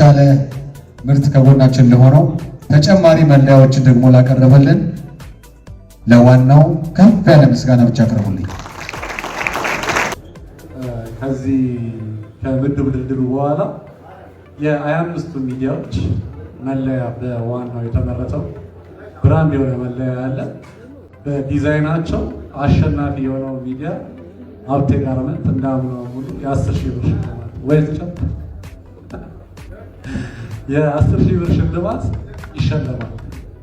የተሻለ ምርት ከጎናችን ለሆነው ተጨማሪ መለያዎችን ደግሞ ላቀረበልን ለዋናው ከፍ ያለ ምስጋና ብቻ አቅርቡልኝ። ከዚህ ከምድብ ድልድሉ በኋላ የሀያ አምስቱ ሚዲያዎች መለያ በዋናው የተመረተው ብራንድ የሆነ መለያ ያለ በዲዛይናቸው አሸናፊ የሆነው ሚዲያ አብቴ ጋርመንት እንዳምነው ሙሉ የአስር ሺህ ብር ወይ የአስር ሺህ ብር ሽልማት ይሸለማል።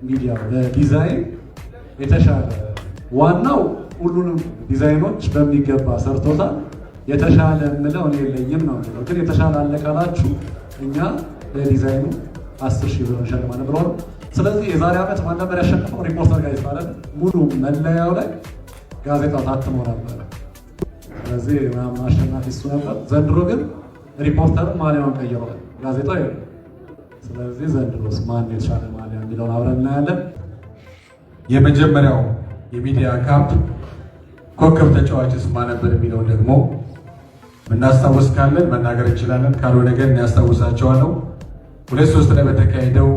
ሚዲያ ለዲዛይን የተሻለ ዋናው ሁሉንም ዲዛይኖች በሚገባ ሰርቶታል። የተሻለ የምለው እኔ የለኝም ነው የሚለው፣ ግን የተሻለ አለቃላችሁ እኛ ለዲዛይኑ አስር ሺህ ብር እንሸልማለን ብለዋል። ስለዚህ የዛሬ ዓመት ማን ነበር ያሸንፈው? ሪፖርተር ጋዜጣ ይባላል። ሙሉ መለያው ላይ ጋዜጣ ታትሞ ነበር። ስለዚህ ምናምን አሸናፊ እሱ ነበር። ዘንድሮ ግን ሪፖርተርን ማሊያውን ቀይረዋል። ጋዜጣው ስለዚህ ዘንድሮስ ማን የተሻለ ማሊያ የሚለውን አብረን እናያለን። የመጀመሪያው የሚዲያ ካፕ ኮከብ ተጫዋች ስማ ነበር የሚለውን ደግሞ ምናስታውስ ካለን መናገር እንችላለን፣ ካልሆነ ግን እናያስታውሳቸዋለው። ሁለት ሶስት ላይ በተካሄደው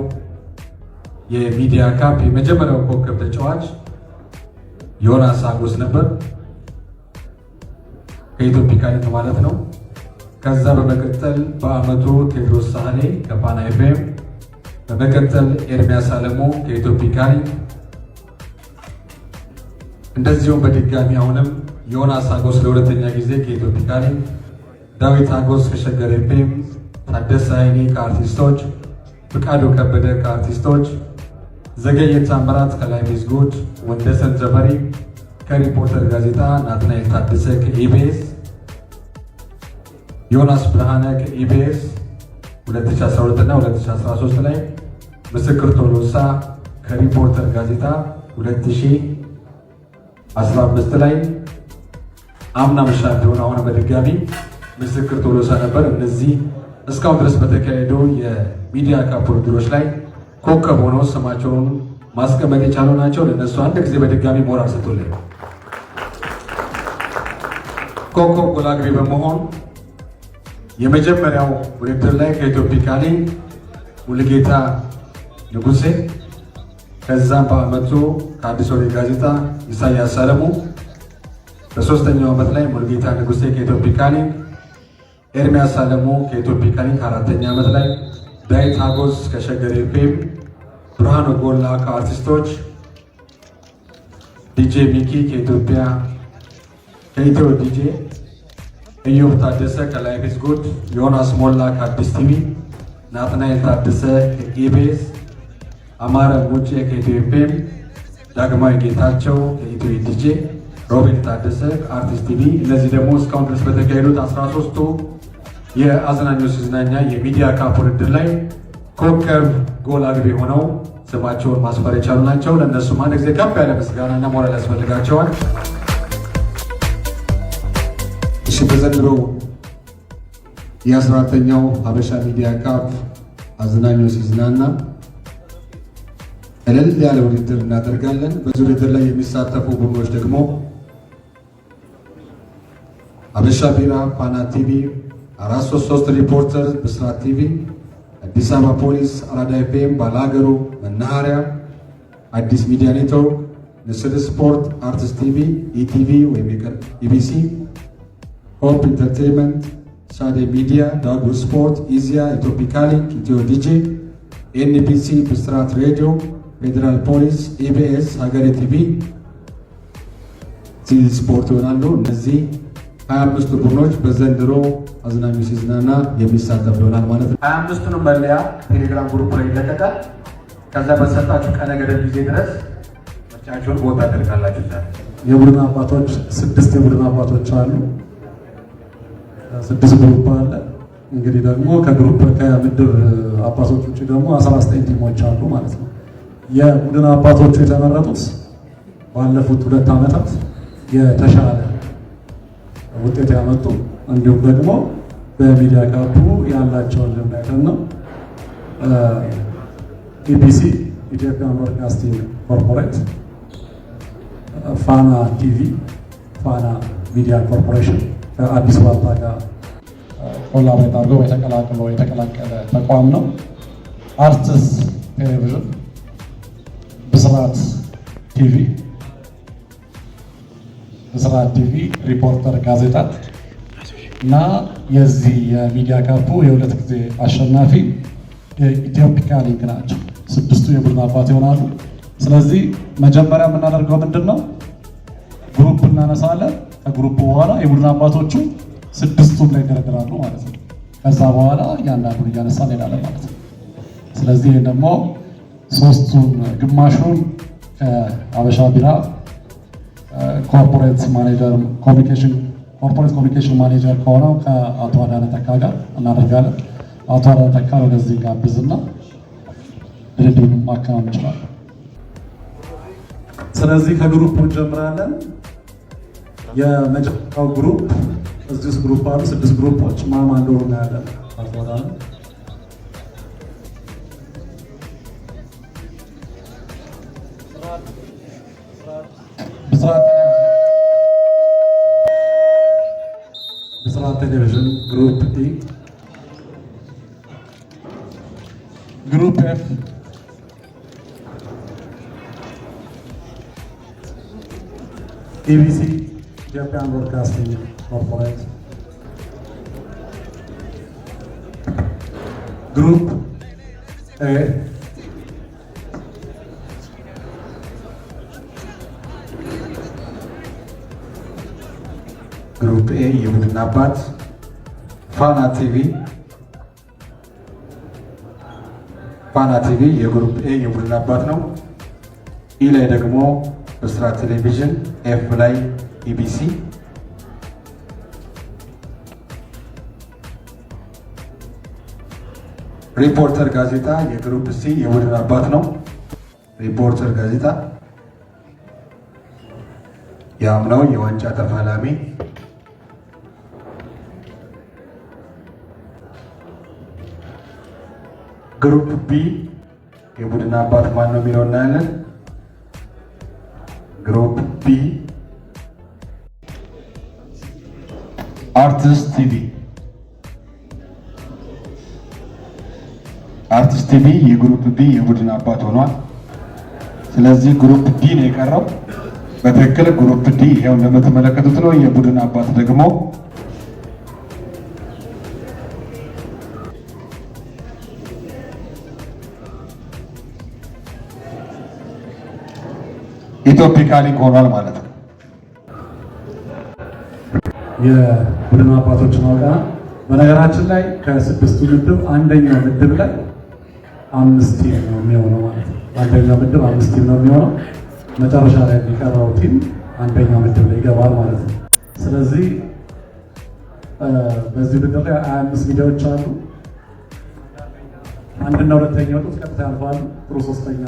የሚዲያ ካፕ የመጀመሪያው ኮከብ ተጫዋች ዮናስ አጎስ ነበር ከኢትዮፒካሊንግ ማለት ነው። ከዛ በመቀጠል በአመቱ ቴድሮስ ሳህኔ ከፋና ኤፍኤም፣ በመቀጠል ኤርሚያስ አለሙ ከኢትዮፒካሪ፣ እንደዚሁም በድጋሚ አሁንም ዮናስ አጎስ ለሁለተኛ ጊዜ ከኢትዮፒካሪ፣ ዳዊት አጎስ ከሸገር ኤፍኤም፣ ታደሰ አይኔ ከአርቲስቶች፣ ፍቃዱ ከበደ ከአርቲስቶች፣ ዘገየ ታምራት ከላይቭ ኢዝ ጉድ፣ ወንደሰን ዘመሪ ከሪፖርተር ጋዜጣ፣ ናትናኤል ታደሰ ከኢቢኤስ ዮናስ ብርሃነ ከኢቢኤስ 2012 እና 2013 ላይ ምስክር ቶሎሳ ከሪፖርተር ጋዜጣ 2015 ላይ አምና ብሻ ቢሆን አሁን በድጋሚ ምስክር ቶሎሳ ነበር። እነዚህ እስካሁን ድረስ በተካሄደው የሚዲያ ካፕ ውድድሮች ላይ ኮከብ ሆነው ስማቸውን ማስቀመጥ የቻሉ ናቸው። ለእነሱ አንድ ጊዜ በድጋሚ ሞራል ስጡልን። ኮከብ ጎላግቢ በመሆን የመጀመሪያው ውድድር ላይ ከኢትዮፒካሊ ሙሉጌታ ንጉሴ፣ ከዛም በአመቱ ከአዲስ ወሬ ጋዜጣ ኢሳያስ ሰለሙ፣ በሶስተኛው ዓመት ላይ ሙሉጌታ ንጉሴ ከኢትዮፒካሊ፣ ኤርሚያስ ሰለሙ ከኢትዮፒካሊ ከአራተኛ ዓመት ላይ ዳዊት አጎስ ከሸገር ኤፍኤም፣ ብርሃኑ ጎላ ከአርቲስቶች፣ ዲጄ ሚኪ ከኢትዮጵያ ከኢትዮ ዲጄ ኢዮብ ታደሰ ከላይፍ ኢዝ ጉድ፣ ዮናስ ሞላ ከአዲስ ቲቪ፣ ናትናኤል ታደሰ ከኢቢኤስ፣ አማረ ሙጬ ከኢትዮ ዳግማዊ ጌታቸው ከኢትዮ ዲጄ፣ ሮቤል ታደሰ ከአርቲስት ቲቪ። እነዚህ ደግሞ እስካሁን ድረስ በተካሄዱት 13ቱ የአዝናኞች ዝናኛ የሚዲያ ካፕ ውድድር ላይ ኮከብ ጎል አግቢ ሆነው ስማቸውን ማስፈር የቻሉ ናቸው። ለእነሱም አንድ ጊዜ ከፍ ያለ ምስጋናና ሞራል ያስፈልጋቸዋል። በዘንድሮው የአስራተኛው ሀበሻ ሚዲያ ካፕ አዝናኙ ሲዝናና እልል ያለ ውድድር እናደርጋለን። በዚህ ውድድር ላይ የሚሳተፉ ቡድኖች ደግሞ ሀበሻ ቢራ፣ ፋና ቲቪ፣ አራት ሶስት ሶስት ሪፖርተር፣ ብስራት ቲቪ፣ አዲስ አበባ ፖሊስ፣ አራዳ ኤፍኤም፣ ባላገሩ፣ መናኸሪያ፣ አዲስ ሚዲያ ኔትወርክ፣ ንስር ስፖርት፣ አርትስ ቲቪ፣ ኢቲቪ ወይም ኢቢሲ ሆፕ ኢንተርቴንመንት፣ ሻዴ ሚዲያ፣ ዳጉ ስፖርት፣ ኢዚያ፣ ኢትዮፒካሊ፣ ኢትዮ ዲጂ፣ ኤንቢሲ፣ ብስራት ሬዲዮ፣ ፌዴራል ፖሊስ፣ ኢቢኤስ፣ ሀገሬ ቲቪ ሲል ስፖርት ይሆናሉ። እነዚህ ሀያ አምስቱ ቡድኖች በዘንድሮ አዝናኙ ሲዝናና የሚሳተፍ ይሆናል ማለት ነው። ሀያ አምስቱን መለያ ቴሌግራም ግሩፕ ላይ ይለቀቃል። ከዛ በተሰጣችሁ ቀነ ገደብ ጊዜ ድረስ ምርጫችሁን ቦታ ያደርጋላችሁ። የቡድን አባቶች ስድስት የቡድን አባቶች አሉ። ስድስት ግሩፕ አለ። እንግዲህ ደግሞ ከግሩፕ ከምድብ አባቶች ውጭ ደግሞ ዘጠኝ ቲሞች አሉ ማለት ነው። የቡድን አባቶቹ የተመረጡት ባለፉት ሁለት ዓመታት የተሻለ ውጤት ያመጡ እንዲሁም ደግሞ በሚዲያ ካፑ ያላቸውን ልምድ ነው። ኢቢሲ ኢትዮጵያን ብሮድካስቲንግ ኮርፖሬት፣ ፋና ቲቪ፣ ፋና ሚዲያ ኮርፖሬሽን ከአዲስ አበባ ጋር ኮላቦሬት አድርጎ የተቀላቅሎ የተቀላቀለ ተቋም ነው። አርትስ ቴሌቪዥን፣ ብስራት ቲቪ፣ ብስራት ቲቪ፣ ሪፖርተር ጋዜጣ እና የዚህ የሚዲያ ካፑ የሁለት ጊዜ አሸናፊ ኢትዮፒካ ሊንክ ናቸው። ስድስቱ የቡድን አባት ይሆናሉ። ስለዚህ መጀመሪያ የምናደርገው ምንድን ነው? ግሩፕ እናነሳለን። ከግሩፕ በኋላ የቡድን አባቶቹ ስድስቱን ላይ ይደረድራሉ ማለት ነው። ከዛ በኋላ እያንዳንዱን እያነሳ ሌላለ ማለት ነው። ስለዚህ ደግሞ ሶስቱን ግማሹን ከአበሻ ቢራ ኮርፖሬት ማኔጀር ኮሚኒኬሽን ኮርፖሬት ኮሚኒኬሽን ማኔጀር ከሆነው ከአቶ አዳነ ተካ ጋር እናደርጋለን። አቶ አዳነ ተካ ወደዚህ ጋብዝና ድርድሩን ማከናወን እንችላለን። ስለዚህ ከግሩፕ እንጀምራለን። የመጀመሪያው ግሩፕ ስድስት ግሩፕ አሉ። ስድስት ግሩፖች ማማ ዶር ነው ያለ አዝመራ ብስራት ቴሌቪዥን ግሩፕ ኢ ግሩፕ ኤፍ ኢቢሲ ኢትዮጵያን ብሮድካስቲንግ ኮርፖሬት ግሩፕ ኤ ግሩፕ ኤ የቡድን አባት ፋና ቲቪ ፋና ቲቪ የግሩፕ ኤ የቡድን አባት ነው። ኢ ላይ ደግሞ ብስራት ቴሌቪዥን፣ ኤፍ ላይ ኢቢሲ ሪፖርተር ጋዜጣ የግሩፕ ሲ የቡድን አባት ነው። ሪፖርተር ጋዜጣ የአምናው የዋንጫ ተፋላሚ ግሩፕ ቢ የቡድን አባት ማን ነው የሚለው እናያለን። ግሩፕ ቢ አርቲስት ቲቪ ሊስት ቢ የግሩፕ ቢ የቡድን አባት ሆኗል። ስለዚህ ግሩፕ ዲ ነው የቀረው። በትክክል ግሩፕ ዲ ይኸው እንደምትመለከቱት ነው። የቡድን አባት ደግሞ ኢትዮፒካ ሆኗል ማለት ነው። የቡድን አባቶች ማውጣ በነገራችን ላይ ከስድስቱ ምድብ አንደኛው ምድብ ላይ አምስት ቲም ነው የሚሆነው ማለት ነው። በአንደኛው ምድብ አምስት ቲም ነው የሚሆነው። መጨረሻ ላይ የሚቀረው ቲም አንደኛው ምድብ ላይ ይገባል ማለት ነው። ስለዚህ በዚህ ምድብ ላይ ሀያ አምስት ሚዲያዎች አሉ። አንድና ሁለተኛ ወጡት ቀጥታ ያልፋሉ። ጥሩ ሶስተኛ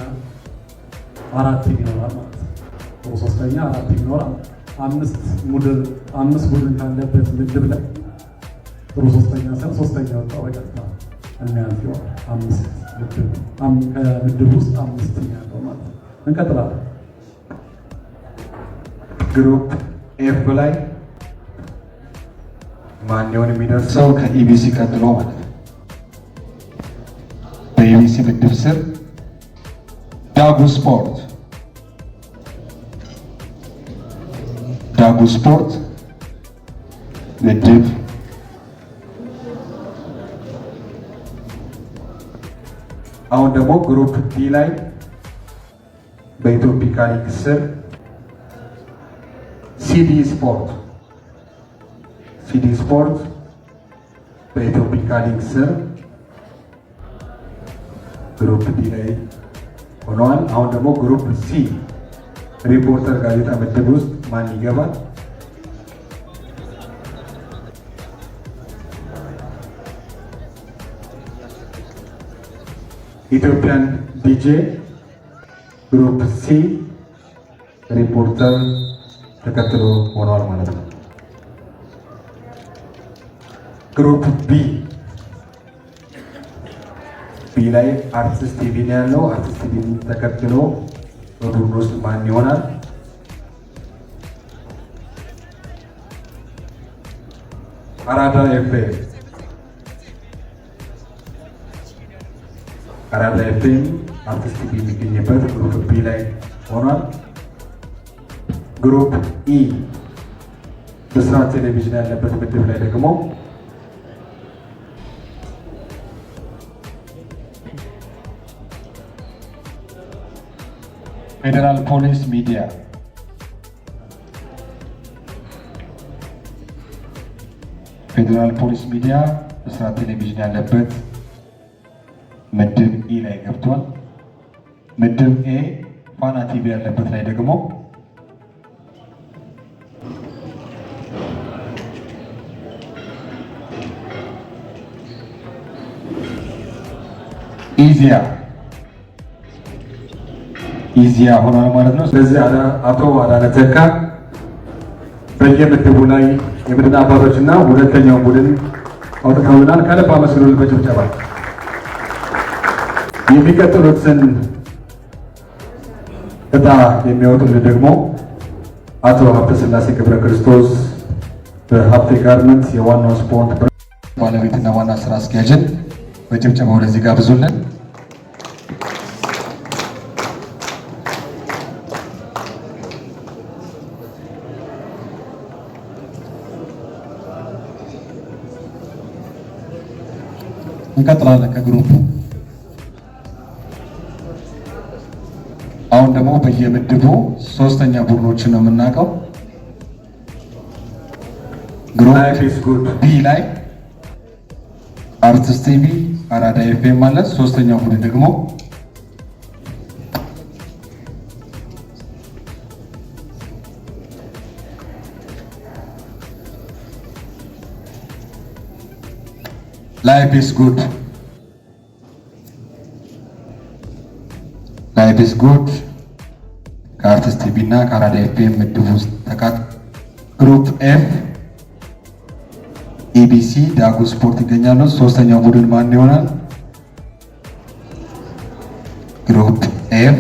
አራት ቲም ይኖራል ማለት ነው። ጥሩ ሶስተኛ አራት ቲም ይኖራል። አምስት ቡድን አምስት ቡድን ካለበት ምድብ ላይ ጥሩ ሶስተኛ ሰ ሶስተኛ ወጣ ወይ እናያዘዋል። አምስት ከምድብ ውስጥ አምስት ያለው ማለት ነው። እንቀጥላለን። ግሩፕ ኤፍ ላይ ማንኛውን የሚደርሰው ከኢቢሲ ቀጥሎ ማለት ነው። በኢቢሲ ምድብ ስር ዳጉ ስፖርት ዳጉ ስፖርት ምድብ አሁን ደግሞ ግሩፕ ቢ ላይ በኢትዮፒካ ሊግ ስር ሲዲ ስፖርት ሲዲ ስፖርት በኢትዮፒካ ሊግ ስር ግሩፕ ቢ ላይ ሆነዋል። አሁን ደግሞ ግሩፕ ሲ ሪፖርተር ጋዜጣ ምድብ ውስጥ ማን ይገባል? ኢትዮጵያን ዲጄ ግሩፕ ሲ ሪፖርተር ተከትሎ ሆነዋል ማለት ነው። ግሩፕ ቢ ቢ ላይ አርቲስት ቲቪ ነው ያለው። አርቲስት ቲቪ ተከትሎ በቡድን ውስጥ ማን ይሆናል? አራዳ ኤፍኤም አራት ላይ ፒም አርቲስት የሚገኝበት ግሩፕ ቢ ላይ ሆኗል። ግሩፕ ኢ ብስራት ቴሌቪዥን ያለበት ምድብ ላይ ደግሞ ፌዴራል ፖሊስ ሚዲያ ፌዴራል ፖሊስ ሚዲያ ብስራት ቴሌቪዥን ያለበት ምድብ ኢ ላይ ገብቷል። ምድብ ኤ ፋና ቲቪ ያለበት ላይ ደግሞ ኢዚያ ኢዚያ ሆኗል ማለት ነው። ስለዚህ አቶ አዳነ ተካ በየምድቡ ላይ አባቶች አባቶችና ሁለተኛውን ቡድን አውጥተውናል። ከልብ አመስግኑልን በጭብጨባ የሚቀጥሉትን እጣ የሚያወጡልን ደግሞ አቶ ሀብተ ስላሴ ገብረ ክርስቶስ በሀብቴ ጋርመንት የዋናው ስፖርት ባለቤትና ዋና ስራ አስኪያጅን በጭብጨባ ወደዚህ ጋብዙልን። እንቀጥላለን ከግሩፕ ደግሞ በየምድቡ ሶስተኛ ቡድኖችን ነው የምናውቀው። ቢ ላይ አርቲስት ቲቪ አራዳ ኤፍኤም ማለት ሶስተኛው ቡድን ደግሞ ላይፍ ኢስ ጉድ ላይፍ ኢስ ጉድ አዲስ ቲቪ እና ካራዳ ኤፍኤም ምድብ ውስጥ ተካት ግሩፕ ኤፍ ኤቢሲ ዳጉ ስፖርት ይገኛሉ። ሶስተኛው ቡድን ማን ይሆናል? ግሩፕ ኤፍ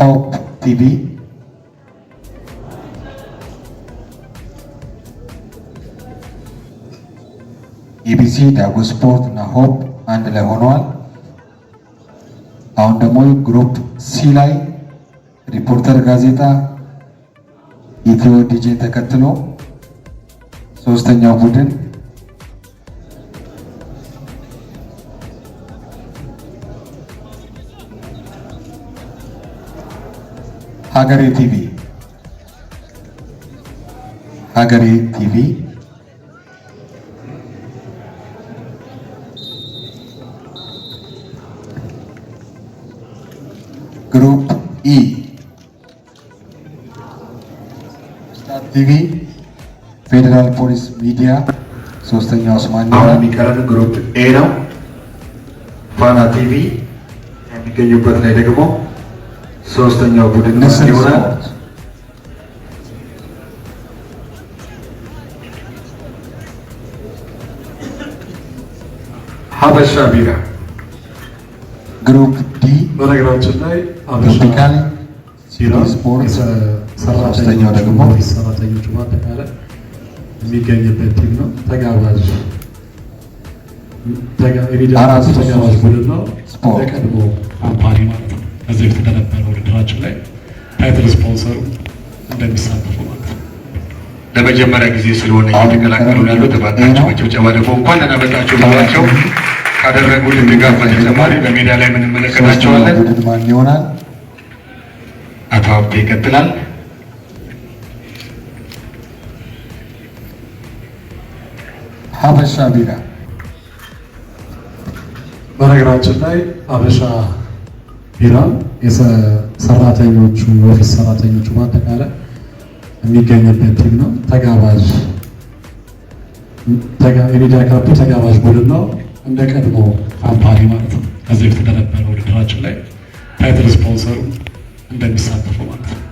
ሆፕ ቲቪ ኤቢሲ ዳጉ ስፖርት እና ሆፕ አንድ ላይ ሆነዋል። አሁን ደግሞ ግሩፕ ሲ ላይ ሪፖርተር ጋዜጣ ኢትዮ ዲጄን ተከትሎ ሶስተኛው ቡድን ሀገሬ ቲቪ ሀገሬ ቲቪ ቲቪ ፌዴራል ፖሊስ ሚዲያ፣ ሶስተኛው ኦስማን የሚቀረን ግሩፕ ኤ ነው። ፋና ቲቪ የሚገኙበት ላይ ደግሞ ሶስተኛው ቡድን ይሆናል። ሀበሻ ቢራ ግሩፕ ዲ በነገራችን ላይ ሀበሻ ስፖርት ሰራተኛው ደግሞ ሰራተኞቹ በአጠቃላይ የሚገኝበት ቲም ነው። ተጋባዥ አራት ተጋባዥ ቡድን ነው። በቀድሞ ካምፓኒ ማለት ነው። ከዚህ በፊት በነበረው ውድድራችን ላይ ታይትል ስፖንሰሩ እንደሚሳተፉ ማለት ነው። ለመጀመሪያ ጊዜ ስለሆነ እየተቀላቀሉ ያሉት እባካችሁ በጭብጨባ ደግሞ እንኳን ደህና መጣችሁ ብሏቸው ካደረጉልን ድጋፍ በተጨማሪ በሜዳ ላይ የምንመለከታቸዋለን። አቶ ሀብቴ ይቀጥላል። ሀበሻ ቢራ በነገራችን ላይ ሀበሻ ቢራ ሰራተኞቹ የኦፊስ ሰራተኞቹ በአጠቃላይ የሚገኝበት ቲም ነው። ተጋባዥ የሚዲያ ካፕ ተጋባዥ ቡድን ነው፣ እንደ ቀድሞ ካምፓኒ ማለት ነው። ከዚህ በፊት በነበረ ውድድራችን ላይ ታይትል ስፖንሰሩ እንደሚሳተፉ ማለት ነው።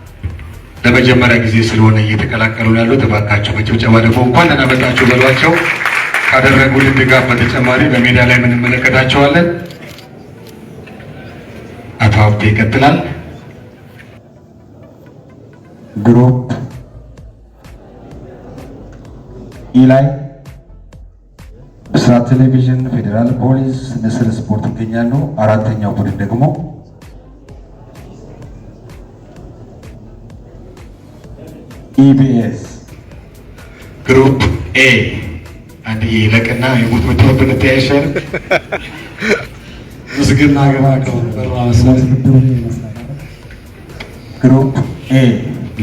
ለመጀመሪያ ጊዜ ስለሆነ እየተቀላቀሉ ያሉት እባካቸው በጭብጨባ ደግሞ እንኳን ደህና በሏቸው። ካደረጉልን ድጋፍ በተጨማሪ በሜዳ ላይ የምንመለከታቸዋለን። አቶ ሀብቴ ይቀጥላል። ግሩፕ ኢ ላይ ብስራት ቴሌቪዥን፣ ፌዴራል ፖሊስ፣ ንስር ስፖርት ይገኛሉ። አራተኛው ቡድን ደግሞ ኢቢኤስ ግሩፕ ኤ አንድ ይለቅና የሞት ምድብ ብንተያይሻል ምስግና ገባ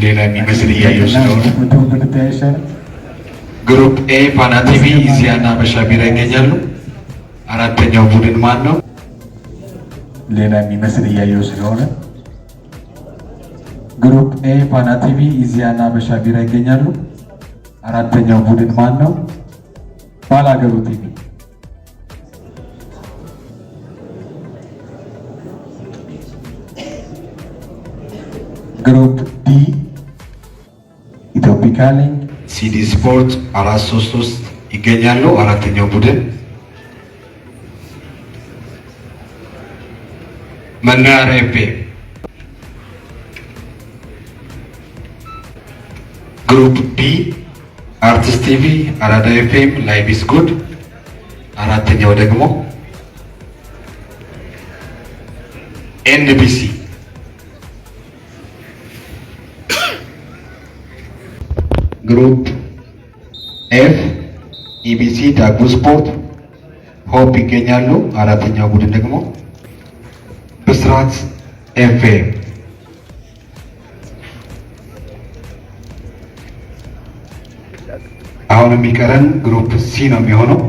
ሌላ የሚመስል እያየው ስለሆነ ግሩፕ ኤ ፋና ቲቪ ኢዚያና በሻቢራ ይገኛሉ። አራተኛው ቡድን ማን ነው? ሌላ የሚመስል እያየው ስለሆነ ግሩፕ ኤ ፋና ቲቪ ኢዚያና በሻቢራ ይገኛሉ። አራተኛው ቡድን ማን ነው? ባላገሩት ይገኛል። ግሩፕ ዲ ኢትዮፒካሊንግ ሲዲ ስፖርት አራት ሶስት ውስጥ ይገኛሉ። አራተኛው ቡድን መናሪያ ቤ ግሩፕ ቢ አርቲስት ቲቪ፣ አራዳ ኤፍኤም፣ ላይቭ ኢዝ ጉድ። አራተኛው ደግሞ ኤንቢሲ። ግሩፕ ኤፍ ኢቢሲ፣ ዳጉ ስፖርት፣ ሆፕ ይገኛሉ። አራተኛው ቡድን ደግሞ ብስራት ኤፍኤም አሁን የሚቀረን ግሩፕ ሲ ነው የሚሆነው።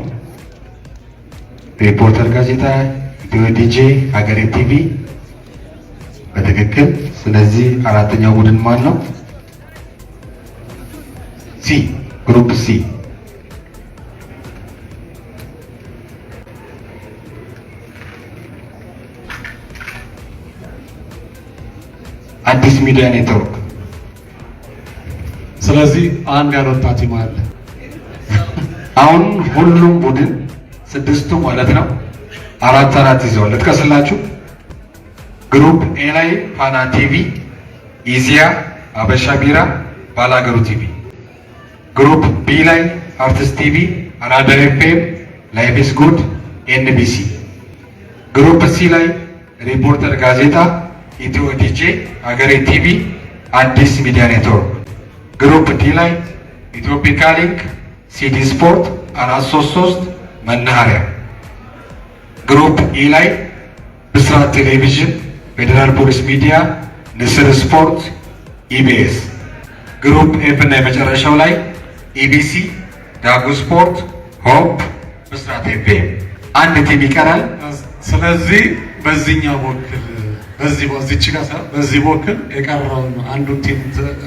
ሪፖርተር ጋዜጣ፣ ኢትዮ ዲጄ፣ ሀገሬ ቲቪ በትክክል። ስለዚህ አራተኛው ቡድን ማን ነው? ሲ ግሩፕ ሲ አዲስ ሚዲያ ኔትወርክ። ስለዚህ አንድ ያልወጣ ቲም አለ። አሁን ሁሉም ቡድን ስድስቱ ማለት ነው አራት አራት ይዘው ልጥቀስላችሁ ግሩፕ ኤ ላይ ፋና ቲቪ፣ ኢዚያ፣ አበሻ ቢራ፣ ባላገሩ ቲቪ። ግሩፕ ቢ ላይ አርቲስት ቲቪ፣ አራዳር ኤፍኤም፣ ላይፍ ኢስ ጉድ፣ ኤንቢሲ። ግሩፕ ሲ ላይ ሪፖርተር ጋዜጣ፣ ኢትዮ ዲጄ፣ አገሬ ቲቪ፣ አዲስ ሚዲያ ኔትወርክ። ግሩፕ ዲ ላይ ኢትዮፒካ ሊንክ ሲዲ ስፖርት አራት ሶስት ሶስት መናኸሪያ ግሩፕ ኢ ላይ ብስራት ቴሌቪዥን፣ ፌዴራል ፖሊስ ሚዲያ፣ ንስር ስፖርት፣ ኢቢኤስ ግሩፕ ኤፍ እና የመጨረሻው ላይ ኢቢሲ፣ ዳጉ ስፖርት፣ ሆፕ፣ ብስራት ኤፍኤም አንድ ቲም ይቀራል። ስለዚህ በዚህኛው ወክል በዚህ በዚች ጋር በዚህ ወክል የቀረውን አንዱን ቲም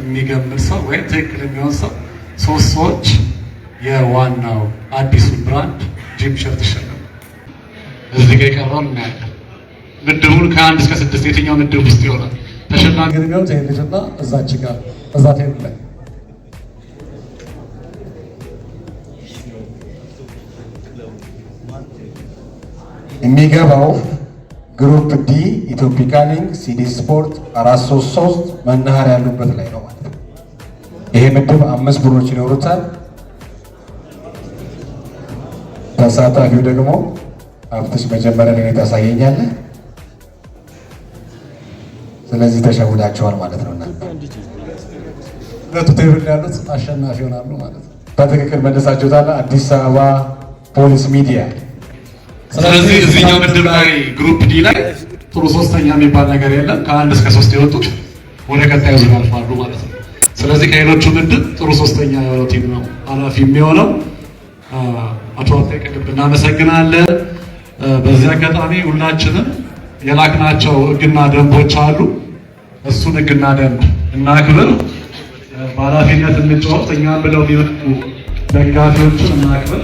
የሚገምር ሰው ወይም ትክክል የሚሆን ሰው ሶስት ሰዎች የዋናው አዲስ ብራንድ ጂም ሸርት ይሸለም። እዚህ ጋር የቀረውን እናያለን። ምድቡን ከአንድ እስከ ስድስት የትኛው ምድብ ውስጥ ይሆናል ተሸላሚ ገርቢያው ተሄደችና እዛች ጋር እዛ ተሄድ የሚገባው ግሩፕ ዲ ኢትዮፒካሊንግ ሲዲ ስፖርት አራት ሶስት ሶስት መናኸሪያ ያሉበት ላይ ነው ማለት ነው። ይሄ ምድብ አምስት ቡድኖች ይኖሩታል። ተሳታፊው ደግሞ ሀብትሽ መጀመሪያ ላይ ታሳየኛለህ። ስለዚህ ተሸውዳቸዋል ማለት ነው እና ሁለቱ ቴብል ያሉት አሸናፊ ይሆናሉ ማለት ነው። በትክክል መለሳችሁታል። አዲስ አበባ ፖሊስ ሚዲያ። ስለዚህ እዚህኛው ምድብ ላይ ግሩፕ ዲ ላይ ጥሩ ሶስተኛ የሚባል ነገር የለም። ከአንድ እስከ ሶስት የወጡት ወደ ቀጣዩ ዙር አልፋሉ ማለት ነው። ስለዚህ ከሌሎቹ ምድብ ጥሩ ሶስተኛ የሆነው ቲም ነው አላፊ የሚሆነው። አቶ አታይ እናመሰግናለን። በዚህ አጋጣሚ ሁላችንም የላክናቸው እግና ደንቦች አሉ። እሱን ሕግና ደንብ እናክብር፣ በኃላፊነት እንጫወት። እኛም ብለው የሚመጡ ደጋፊዎችን እናክብር።